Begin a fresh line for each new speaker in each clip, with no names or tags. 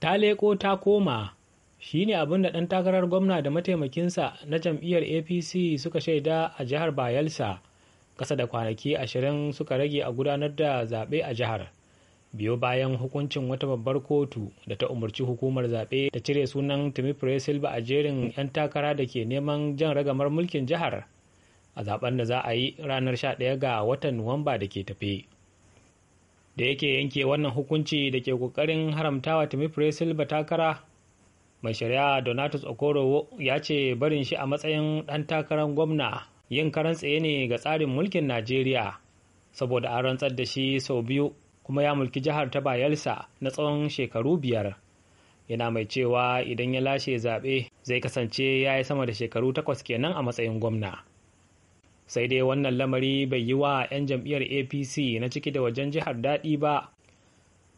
ta leko ta koma shine abin da ɗan takarar gwamna da mataimakinsa na jam'iyyar apc suka shaida a jihar bayelsa ƙasa da kwanaki ashirin suka rage a gudanar da zaɓe a jihar biyo bayan hukuncin wata babbar kotu da ta umarci hukumar zaɓe ta cire sunan timifre silva a jerin 'yan takara da ke neman jan ragamar mulkin jihar a zaben da za a yi ranar 11 ga watan nuwamba da ke tafe. da yake yanke wannan hukunci da ke kokarin haramtawa timifre silba takara mai shari'a donatus okoro ya ce barin shi a matsayin ɗan takarar gwamna yin karan tsaye ne ga tsarin mulkin najeriya saboda an rantsar da shi sau biyu kuma ya mulki jihar ta bayelsa na tsawon shekaru biyar yana mai cewa idan ya lashe zaɓe zai kasance ya yi sama da shekaru takwas kenan a matsayin gwamna. sai dai wannan lamari bai yi wa 'yan jam'iyyar apc na ciki da wajen jihar daɗi ba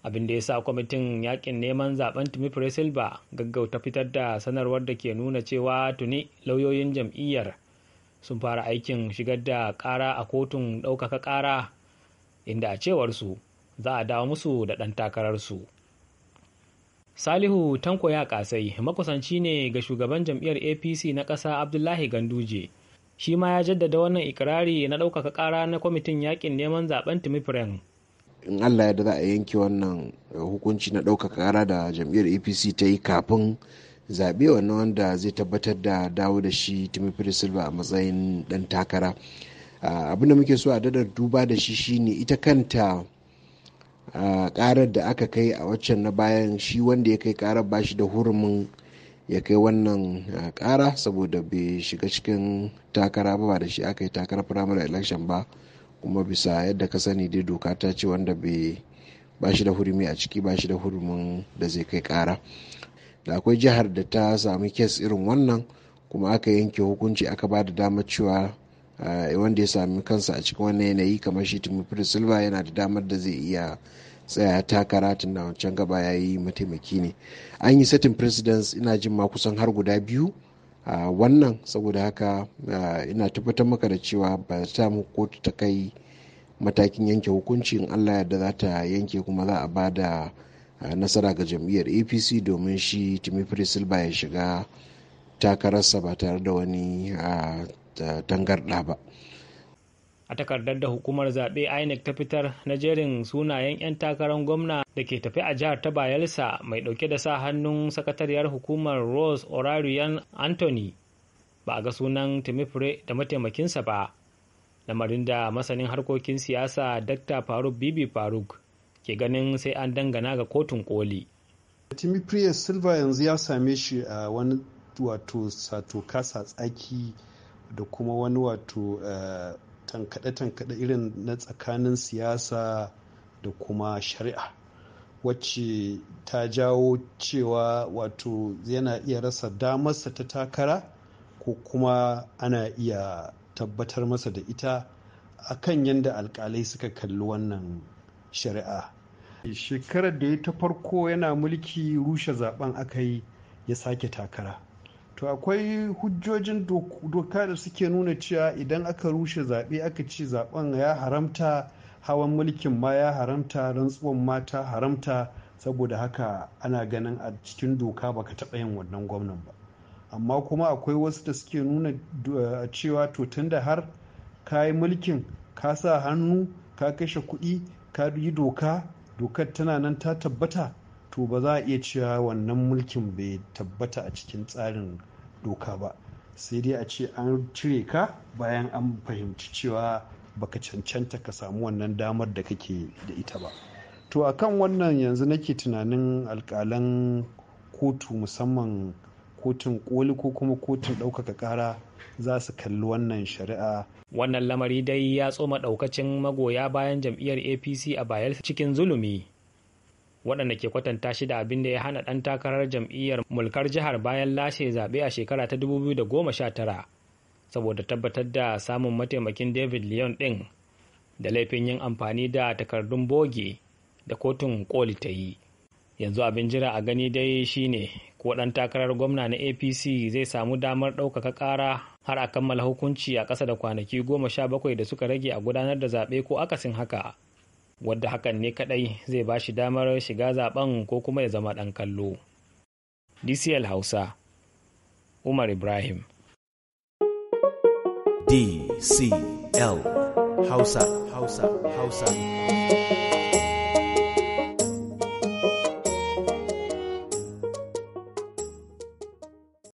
abin da ya sa kwamitin yakin neman zaben tumi silva gaggauta fitar da sanarwar da ke nuna cewa tuni lauyoyin jam'iyyar sun fara aikin shigar da ƙara a kotun ɗaukaka ƙara inda a cewarsu za a dawo musu da ɗan takararsu salihu tanko ya kasai makusanci ne ga shugaban jam'iyyar apc na ƙasa abdullahi ganduje shi ma ya jaddada wannan ikirari na ɗaukaka ƙara na kwamitin yakin neman zaben timifren
in allah ya da za a yanke wannan eh, hukunci na ɗaukaka ƙara da jam'iyyar apc ta yi kafin zaɓe wannan wanda zai tabbatar da dawo da shi timifiri silva a matsayin ɗan takara ah, abin da muke so a dadar duba da shi shine ita kanta ah, ƙarar da aka kai a waccan na bayan shi wanda ya kai ƙarar bashi da hurumin ya kai wannan kara saboda bai shiga cikin takara ba da shi aka yi takarar primary election ba kuma bisa yadda ka sani dai doka ta ce wanda bai ba shi da hurumi a ciki ba shi da hurumin da zai kai kara da akwai jihar da ta sami kes irin wannan kuma aka yanke hukunci aka ba da damar cewa wanda ya sami kansa a cikin wannan yanayi kamar shi tumi silva yana da damar da zai iya tsaya takara tun da wancan gaba ya yi mataimaki ne an yi setting presidents ina jin ma kusan har guda biyu a wannan saboda haka ina tabbatar maka da cewa ba ta mu kotu ta kai matakin yanke hukunci in allah yadda za ta yanke kuma za a ba da nasara ga jam'iyyar apc domin shi timi silva ya shiga takararsa ba tare da wani tangarɗa ba
a takardar da hukumar zaɓe inec ta fitar na jerin sunayen 'yan takarar gwamna da ke tafi a jihar ta bayelsa mai ɗauke da sa hannun sakatariyar hukumar rose orarian anthony ba a ga sunan timifre da mataimakinsa ba lamarin da masanin harkokin siyasa dr faruk bibi faruk ke ganin sai an dangana ga kotun koli
silva yanzu ya same shi a wani wato sato kasa tsaki da kuma wani wato eh, tankaɗe-tankaɗe irin na tsakanin siyasa da kuma shari'a wacce ta jawo cewa wato yana iya rasa damarsa ta takara ko kuma ana iya tabbatar masa da ita a kan yadda alkalai suka kalli wannan shari'a shekarar da ya ta farko yana mulki rushe zaben aka yi ya sake takara to akwai hujjojin doka da suke nuna cewa idan aka rushe zaɓe aka ce zaɓen ya haramta hawan mulkin ma ya haramta rantsuwan mata haramta saboda haka ana ganin a cikin doka baka taɓa yin wannan gwamnan ba amma kuma akwai wasu da suke nuna cewa to tunda har ka yi mulkin ka sa hannu ka kashe kuɗi ka yi doka dokar tana nan ta tabbata to ba za a iya cewa wannan mulkin bai tabbata a cikin tsarin doka ba sai dai a ce an cire ka bayan an fahimci cewa baka cancanta ka samu wannan damar da kake da ita ba to a kan wannan yanzu nake tunanin alkalan kotu musamman kotun koli ko kuma kotun ɗaukaka ƙara
za su kalli wannan shari'a wannan lamari dai ya tsoma ɗaukacin magoya bayan jam'iyyar apc a bayelsa cikin zulumi waɗanda ke kwatanta shi da abin da ya hana ɗan takarar jam'iyyar mulkar jihar bayan lashe zaɓe a shekara ta 2019 saboda tabbatar da samun mataimakin david leon ɗin da laifin yin amfani da takardun boge da kotun koli ta yi yanzu abin jira a gani dai shine ko ɗan takarar gwamna na apc zai samu damar ɗaukaka ƙara har a kammala hukunci a ƙasa da kwanaki goma sha bakwai da suka rage a gudanar da zaɓe ko akasin haka wadda hakan ne kadai zai ba shi damar shiga zaben ko kuma ya zama ɗan kallo. DCL Hausa Umar Ibrahim DCL Hausa Hausa
Hausa